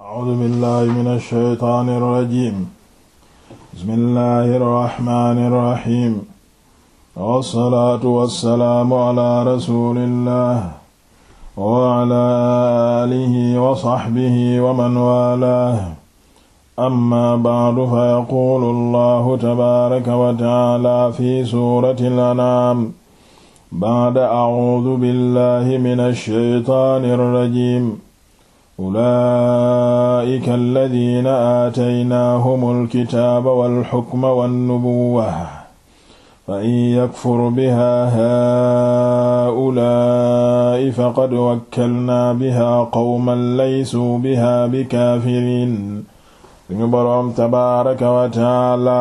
A'uuzu billaahi mina shaytaani rajiim bismillaahi rahmaani rahiim wassalaatu wassalaamu alaa rasuulillaah wa alaa aalihi wa sahbihi wa man waalaah amma ba'du fa yaquulu Allaahu tabaaraka wa ta'aalaa fi suuratil anaam ba'da a'uuzu billaahi mina shaytaani rajiim ulaa'ika alladiina aataynaahumul kitaaba wal xukma wan nubuwwa fa in yakfur biha haa'ulaa'i faqad wakkalnaa biha qawman laysuu biha bikaafiriin suñu boroom tabaaraka wa taala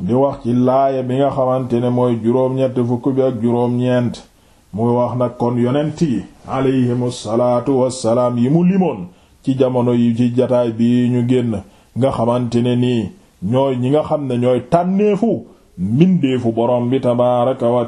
di wax ci laaya bi nga xamante ne mooy juróom-ñett fukk bi ak juróom-ñeent muy wax nag kon yonent yi aleyhimu salaatu wassalaam yi mu limoon ci jamono yi ci jataay bii ñu génn nga xamante ne nii ñooy ñi nga xam ne ñooy tànneefu mbindeefu borom bi tabaaraka wa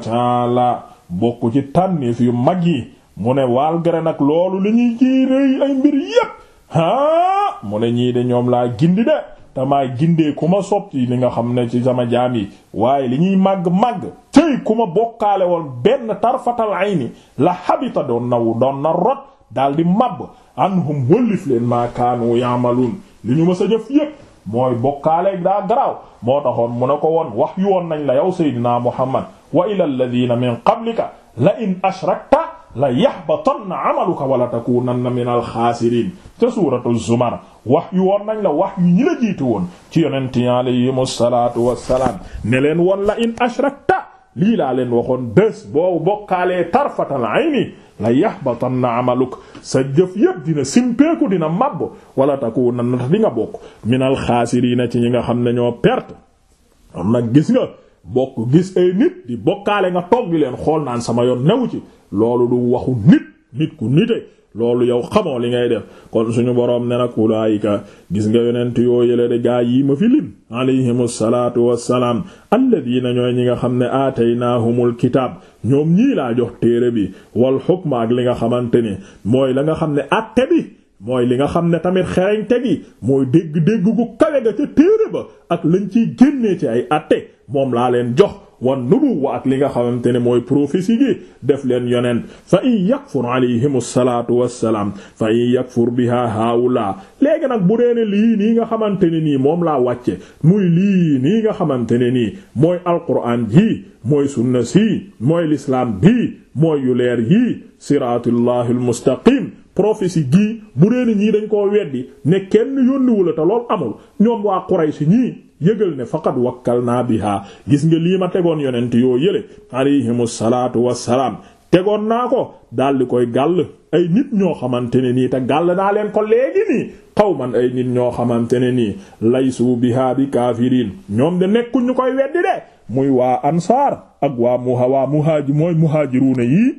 bokk ci tànneef yu mag yi mu ne walgré nag loolu li ñuy jéeréey ay mbir yépp haa mu ne ñii de ñoom laa gindi de tamaay gindee ku ma sopp ci nga xam ne ci sama jaam yi waaye li ñuy màgg-màgg tey ku ma bokkaale woon benn tarfatal ayni la habita doon nawu na rot daal di màbb anhum wëllif leen maa kaanu yaamaluun li ñu mës a jëf yépp mooy bokkaale daa garaaw moo taxoon mu ne ko won wax yu woon nañ la yow seydinaa muhammad wa ila alladina min qablika la in ashrakta la yahbatanna amaluka wala takunanna minal xaasiriin te suuratu zumar wax yu woon nañ la wax yu ñi jiitu woon ci yonent yi alayhimu salaatu wassalaam ne leen woon la in ashrakta lii laa leen waxoon bés boo bokkaalee tarfatal ayni la yahbatanna amaluk sa jëf yëpp dina simpeeku dina màbb wala takunanna di nga bokk minal xaasiriina ci ñi nga xam ne ñoo perte kon nag gis nga bokk gis ay nit di bokkaale nga toog di leen xool naan sama yoon newu ci loolu du waxu nit nit ku nite loolu yow xamoo li ngay def kon suñu boroom ne nag ulaayika gis nga yonent yoo yële de gaa yi ma fi lim alayhimu salaatu wassalaam alladina ñooy ñi nga xam ne naa aataynaahumul kitaab ñoom ñii laa jox téere bi wal xukma ak li nga xamante ni mooy la nga xam ne àtte bi mooy li nga xam ne tamit xereñ te gi mooy dégg-dégg gu kawe ga ca téere ba ak lañ ciy génnee ci ay atte moom laa leen jox wan nubuwa ak li nga xamante ne mooy prophétie gi def leen yonent fa in yakfur alayhim alsalatu wassalaam fa in yakfur biha haula léegi nag bu dee ne lii nii nga xamante ne nii moom laa wàcce muy lii nii nga xamante ne nii mooy alquran ji mooy sunna si mooy lislaam bi mooy yu leer yii siratullahi almustaqim prophétie gii bu dee ñii dañ koo weddi ne kenn yónniwu la te lool amul ñoom waa Quraysh ñii yëgal ne faqad wakkalna biha gis nga lii ma tegoon yonent yoo yële alayhimu wassalaam tegoon naa ko daldi koy gàll ay nit ñoo xamante ne nii te gàll naa leen ko léegi nii qawman ay nit ñoo xamante ne nii laysu biha bi kaafiriin ñoom de nekkuñ ñu koy weddi de muy waa ansaar ak waa muha waa muhaaji mooy muhaajiruuna yii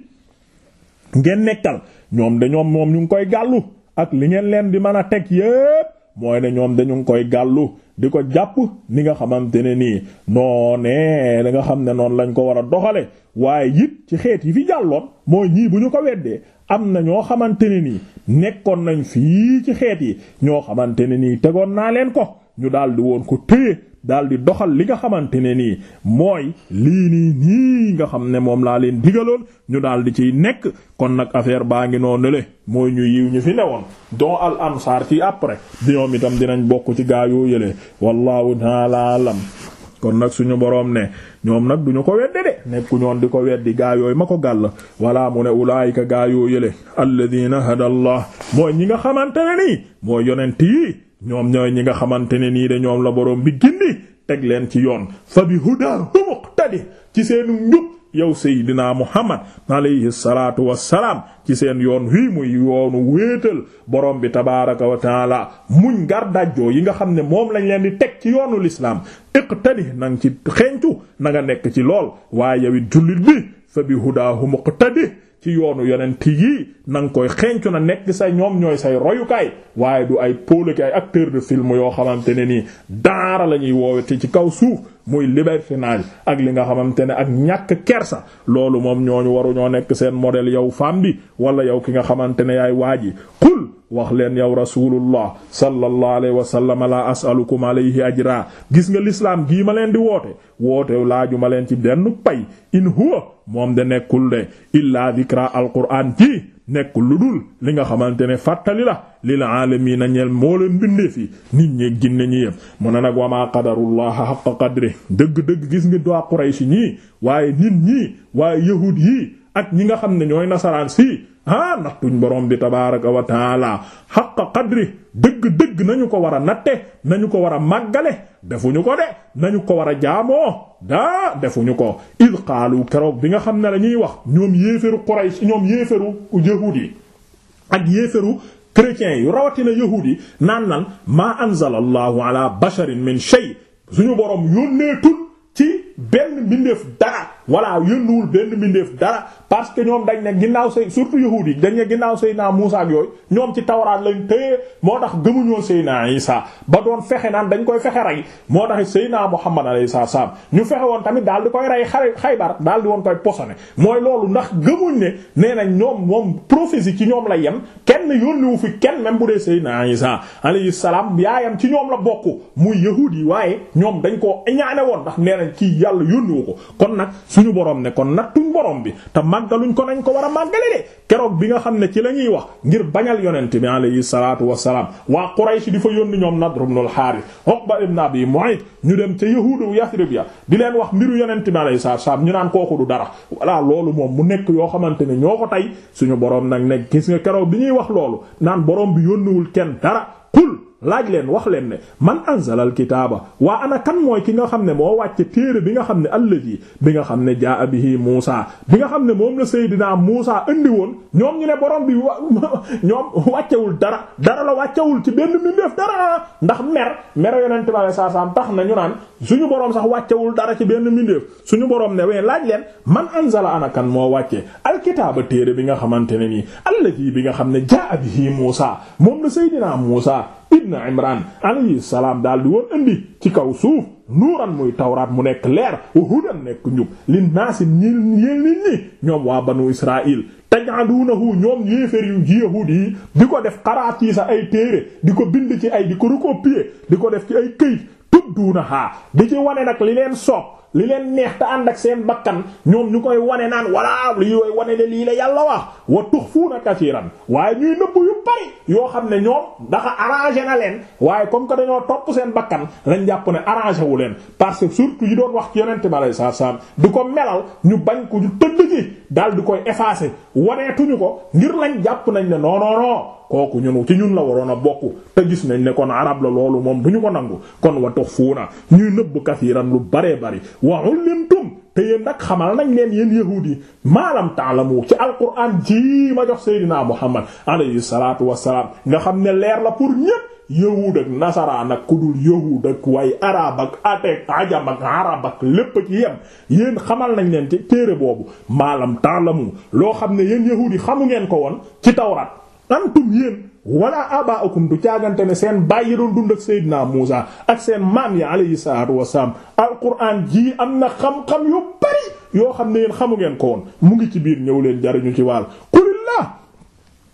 ngeen nekkal ñoom de ñoom moom ñu ngi koy gàllu ak li ngeen leen di mën a teg yépp mooy ne ñoom dañu ngi koy gàllu di ko jàpp ni nga xamante ne nii noonee da nga xam ne noonu lañ ko war a doxale waaye it ci xeet yi fi jàlloon mooy ñii bu ñu ko weddee am na ñoo xamante ne nii nekkoon nañ fii ci xeet yi ñoo xamante ne nii tegoon naa leen ko ñu daldi woon ko téye daal di doxal li nga xamante ne nii mooy lii nii nii nga xam ne moom laa leen digaloon ñu daal di ciy nekk kon nag affaire baa ngi noonu le mooy ñu yiw ñu fi woon don al ansaar ci après di ñoom itam dinañ bokk ci gaa yoo yële wallahu ta'ala lam kon nag suñu boroom ne ñoom nag duñu ko wedde de nekku ñoon di ko weddi gaa yooyu ma ko gàll wala mu ne ulaayika gaa yoo yële alladina mooy ñi nga xamante ne nii mooy yonent yi ñoom ñooy ñi nga xamante ne nii de ñoom la boroom bi gindi teg leen ci yoon fa bi huda humuk tadi ci seenu njub yow seydinaa muhammad alayhi salaatu wassalaam ci seen yoon wi muy yoonu wéetal boroom bi tabaaraka wa taala muñ ngar dàjjoo yi nga xam ne moom lañ leen di teg ci yoonu lislaam iqtadi nang ci xencu na nga nekk ci lool waaye yawit jullit bi fa bi hudaahu muqtadi ci yoonu yonent yii na nga koy xencu na nekk sa ñoom ñooy say royukaay waaye du ay pôle ay acteur de film yoo xamante ne nii daara la ñuy woowe te ci kaw suuf muy libertinage ak li nga xamante ne ak ñàkk kersa loolu moom ñooñu waruñoo nekk seen modèle yow femme bi wala yow ki nga xamante ne yaay waa yi qul wax leen yow rasulullah sallallahu alayhi wa sallam la asalukum alayhi ajra gis nga lislaam gii ma leen di woote woote laaju ma leen ci benn pay in huwa moom de nekkul de illaa dikra alquraan ji nekk lu dul li nga xamante ne fàttali la lil aalamiina ñeel moo leen bindee fi nit ñi ginne ñi yëpp mu ne nag wa maa qadarullaha haqqa qadri dëgg-dëgg gis ngi doo Quraysh ñii waaye nit ñii waaye yahud yii ak ñi nga xam ne ñooy nasaraan si ah nattuñ borom bi tabaaraka wa taala xaqa qadri dëgg-dëgg nañu ko war a natte nañu ko war a màggale defuñu ko de nañu ko war a jaamoo daa defuñu ko il qaalu keroog bi nga xam ne la ñuy wax ñoom yéeferu Quraysh ñoom yéeferu yahuud yi ak yéeferu chrétiens yu rawatina yahuud yi naan nan maa anzala allahu ala basharin min shay suñu borom yónneetul ci benn mbindeef dara walla yónnuwul benn mbindeef dara parce que ñoom dañ ne ginnaaw say surtout yahuud yi dañ ne ginnaaw Seydina Muusa ak yooyu ñoom ci tawraat lañ téye moo tax gëmuñoo Seydina Isa ba doon fexe naan dañ koy fexe rey moo tax Seydina Muhammad alayhi salaam ñu fexe woon tamit daal di koy rey xare Xaybar daal di woon koy posone mooy loolu ndax gëmuñ ne nee nañ ñoom moom prophétie ci ñoom la yem kenn yónniwu fi kenn même bu dee Seydina Isa alayhi salaam yaayam ci ñoom la bokk muy yahuud yi waaye ñoom dañ koo ñaane woon yàlla yónniwu ko kon nag suñu borom ne kon nattuñ borom bi te màggaluñ ko nañ ko war a màggale de keroog bi nga xam ne ci la ñuy wax ngir bañal yonent bi alayhi salaatu wassalaam waa Quraysh di fa yónni ñoom Nadr ibn al-Harith Uqba ibn Abi Mu'ayt ñu dem ca yahuudu Yathrib ya di leen wax mbiru yonent bi alayhi salaatu wassalaam ñu naan kooku du dara voilà loolu moom mu nekk yoo xamante ne ñoo ko tey suñu borom nag ne gis nga keroog bi ñuy wax loolu naan laaj leen wax leen ne man anzalal kitaaba waa ana kan mooy ki nga xam ne moo wàcce téere bi nga xam ne alladi bi nga xam ne jaa bihi Muusa bi nga xam ne moom la Seydina Muusa indi woon ñoom ñu ne borom bi wa ñoom wàccewul dara dara la wàccewul ci benn mbindeef dara mer mer yonent bi sallallahu alayhi wasallam tax na ñu naan suñu borom sax wàccewul dara ci benn mbindeef suñu borom ne wee laaj leen man anzala ana kan moo wàcce alkitaaba téere bi nga xamante ne nii alladi bi nga xam ne jaa bihi Muusa moom la Seydina Muusa sayyidina imran alayhi salaam daal di woon indi ci kaw suuf nuuran muy tawraat mu nekk leer u hudan nekk njub lin naasi ñil ñeel nit ñi ñoom waa banu israil taj'alunahu ñoom yéeféer yu yahuud yi di ko def xaraat yi sa ay téere di ko bind ci ay di ko recopier di ko def ci ay këyit tuddunaha di ci wane nag li leen sopp li leen neex te ànd ak seen bakkan ñoom ñu koy wane naan walla lii way wane de lii la yàlla wax wa tuxfuuna kasiiran waaye ñuy nëbb yu bari yoo xam ne ñoom dafa arrangé na leen waaye comme que dañoo topp seen bakkan lañ jàpp ne arrangé wu leen parce que surtout yi doon wax ci yonente bi alayhi salaatu salaam du ko melal ñu bañ ko ñu tëdd ci daal di koy effacer waneetuñu ko ngir lañ jàpp nañ ne non kooku ñun ci ñun la waroon a bokk te gis nañ ne kon arab la loolu moom du ñu ko nangu kon wa tuxfuuna ñuy nëbb kasiiran lu baree bari wa ullimtum te yéen nag xamal nañ leen yéen yahuud yi maalam taalamu ci alquran ji ma jox seydinaa muhammad alayhi salaatu wassalaam nga xam ne leer la pour ñépp yahuud ak nasaraan ak ku dul yahuud ak way arab ak ateek ajam ak arab ak lépp ci yem yéen xamal nañ leen ci téere boobu maalam taalamu loo xam ne yéen yahuud xamu ngeen ko woon ci antum yéen wala abaakum du caagante ne seen bàyyi doon dund ak Seydina Muusa ak seen maam yi alayhi salaatu wasalaam alquran jii am na xam-xam yu bari yoo xam ne yéen xamu ngeen ko woon mu ngi ci biir ñëw leen jariñu ci wàll qulillah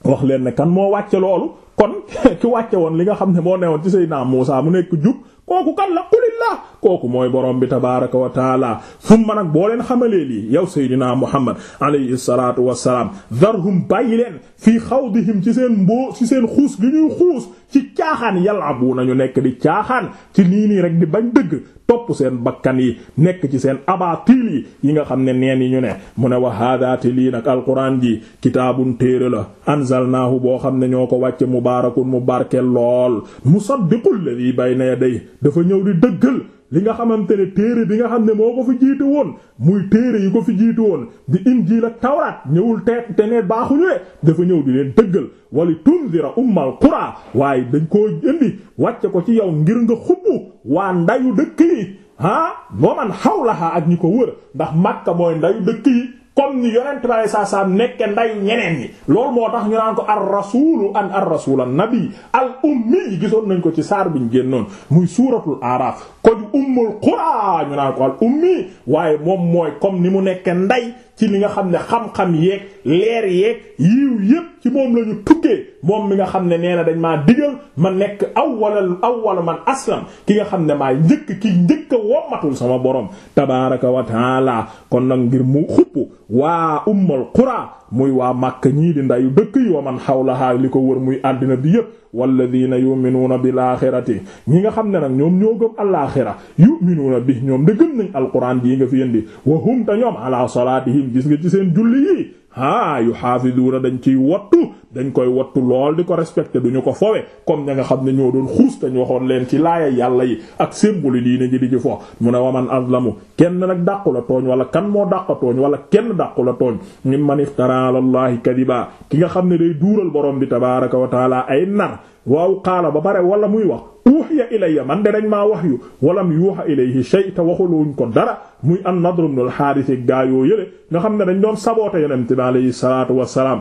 wax leen ne kan moo wàcce loolu kon ki wàcce woon li nga xam ne moo newoon ci Seydina Muusa mu nekk jub kooku kalla la kooku mooy borom bi tabaaraka wa taala summa nag boo leen xamalee lii yow Seydina Muhammad alayhi salaatu wa salaam darhum bàyyi leen fii xawdihim ci seen mboo ci seen xuus gi ñuy xuus ci caaxaan yalabu nañu nekk di caaxaan ci nii nii rek di bañ dëgg topp seen bakkan yi nekk ci seen abatil yi yi nga xam ne neen yi ñu ne mu ne wa haadaati lii nag alquran ji kitaabun téere la anzalnaahu boo xam ne ñoo ko wàcce mubaarakun mu barke lool musaddiqul ladhi bayna day dafa ñëw di dëggal li nga xamante ne téere bi nga xam ne moo ko fi jiitu woon muy téere yi ko fi jiitu woon di injiil ak tawraat ñëwul te te ne baaxuñu de dafa ñëw di leen dëggal wali tunzira ummal qura waaye dañ koo indi wàcce ko ci yow ngir nga xubbu waa ndayu dëkk yi ah boo man xawlaha ak ñi ko wër ndax Makka mooy ndayu dëkk yi comme ni yonent bi alayhi salaatu salaam nekke ndayu ñeneen ñi loolu moo tax ñu naan ko ar rasulu an ar rasul an nabi al ummi gisoon nañ ko ci saar biñ génnoon muy suuratul aaraaf koju ummul qura ñu naan ko al ummi waaye moom mooy comme ni mu nekke nday ci li nga xam ne xam-xam yéeg leer yeeg yiw yépp ci moom lañu tukkee moom mi nga xam ne nee na dañ ma digal ma nekk awwalal awwal man aslam ki nga xam ne maa njëkk ki njëkk a wommatul sama borom tabaraka wa taala kon nag ngir mu xupp waa ummul qura muy waa màkk ñii di ndayu dëkk yi wa man hawlaha li ko wër muy àddina bi yépp walladina yuminuuna bil axirati ñi nga xam ne nag ñoom ñoo gëm alaaxira yuminuuna bi ñoom de gëm nañ alquran jii nga fi yëndi wa hum ñoom ala salaatihim gis nga ci seen julli yi haa yu xaafiduuna dañ ciy wattu dañ koy wattu lool di ko respecté duñu ko fowe comme ña nga xam ne ñoo doon xuus tañ waxoon leen ci laaya yàlla yi ak symbole diine ji di ci fo mu ne waman azlamu kenn nag dàqu la tooñ wala kan moo dàqa tooñ wala kenn dàqu la tooñ mim man iftara alallahi kadiba ki nga xam ne day duural borom bi tabaraka wa taala ay nar waaw xaala ba bare wala muy wax uhiya ilayya man de dañ maa wax yu walam yuha ilayhi shay te waxuluñ ko dara muy am nadru ibn al harith gaa yoo nga xam ne dañ doon saboote yonente bi alayhi salaatu wassalaam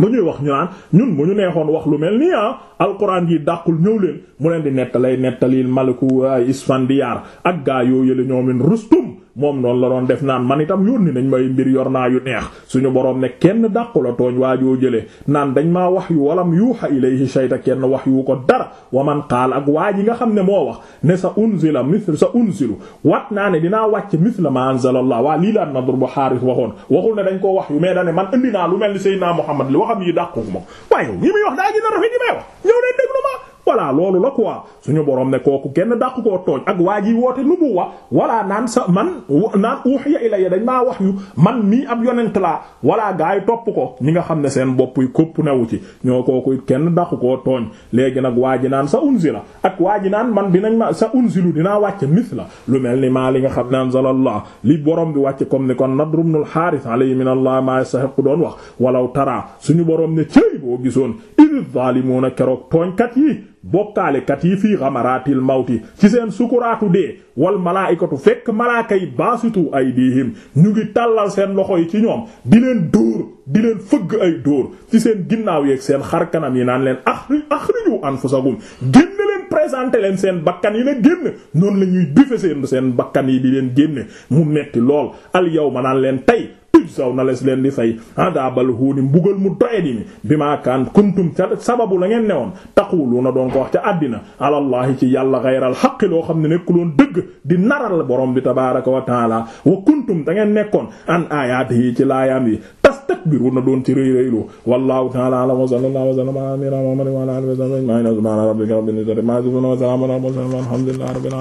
lu ñuy wax ñu naan ñun bu ñu neexoon wax lu mel nii ah alquran yi dàqul ñëw leen mu leen di nettalay nettalil malaku isfandiyaar ak gaa yoo yële ñoomin rustum moom noonu la doon def naan man itam yónni nañ may mbir yor naa yu neex suñu boroom ne kenn dàqu la tooñ waajoo jële naan dañ maa wax yu walam yuuxa ilayhi shayta kenn wax yu ko dara wa man qaal ak waa ji nga xam ne moo wax ne sa unzila mis sa unzilu wat naa ne dinaa wàcc mithla ma anzalallah waa lii laan nadr bu xaaris waxoon waxul ne dañ koo wax yu mais dane man indi naa lu mel ni sayyidina Muhammad li waxam yi dàqu ko moom waaye ñi a rafet yi may wax ñëw leen déglu ma voilà loolu la quoi suñu boroom ne kooku kenn dàq koo tooñ ak waa ji woote wa voilà naan sa man naan uhiya ilayya dañ maa wax yu man mii ab yonent laa walaa gaa yi topp ko ñi nga xam ne seen bopp yi kopp newu ci ñoo kooku kenn dàq koo tooñ léegi nag waa ji naan sa unzila ak waa ji naan man bi nañ ma sa unzilu dinaa wàcc mithla lu mel ni maa li nga xam ne anzalallah li borom bi wàcc comme ne kon Nadr ibn al-Harith alayhi min allah ma yastahiqu doon wax walaw tara suñu borom ne cëy boo gisoon idh zalimuna keroog tooñkat yi bokkaalekat yi fii xamaraatil mawti ci seen sukuraatu dee wal malaayikatu fekk malaaka yi baasitu aydihim ñu ngi tàllal seen loxo yi ci ñoom di leen dóor di leen fëgg ay dóor ci seen ginnaaw yeeg seen xar kanam yi naan leen axri axriju anfusakum génne leen présenté leen seen bakkan yi na génn noonu la ñuy bife seen seen bakkan yi di leen génne mu metti lool al yawma naan leen tey tujsaw na les leen di fay adabal huuni mbugal mu doyadi mi bi maa kaan kuntum ca sababu la ngeen newoon taquluuna doon ko wax ca àddina alallahi ci yàlla gayral xaqi loo xam ne nekkuloon dëgg di naral borom bi tabaraka wa taala wa kuntum da ngeen nekkoon an ayaatihi ci laayaam yi tastakbiruna doon ci rëy rëylu wallahu ta'ala a'lam wa sallallahu wa sallama ala nabiyyina muhammadin wa ala alihi wa sahbihi ajma'in subhana rabbika rabbil izzati amma yasifun wa salamun ala al mursalin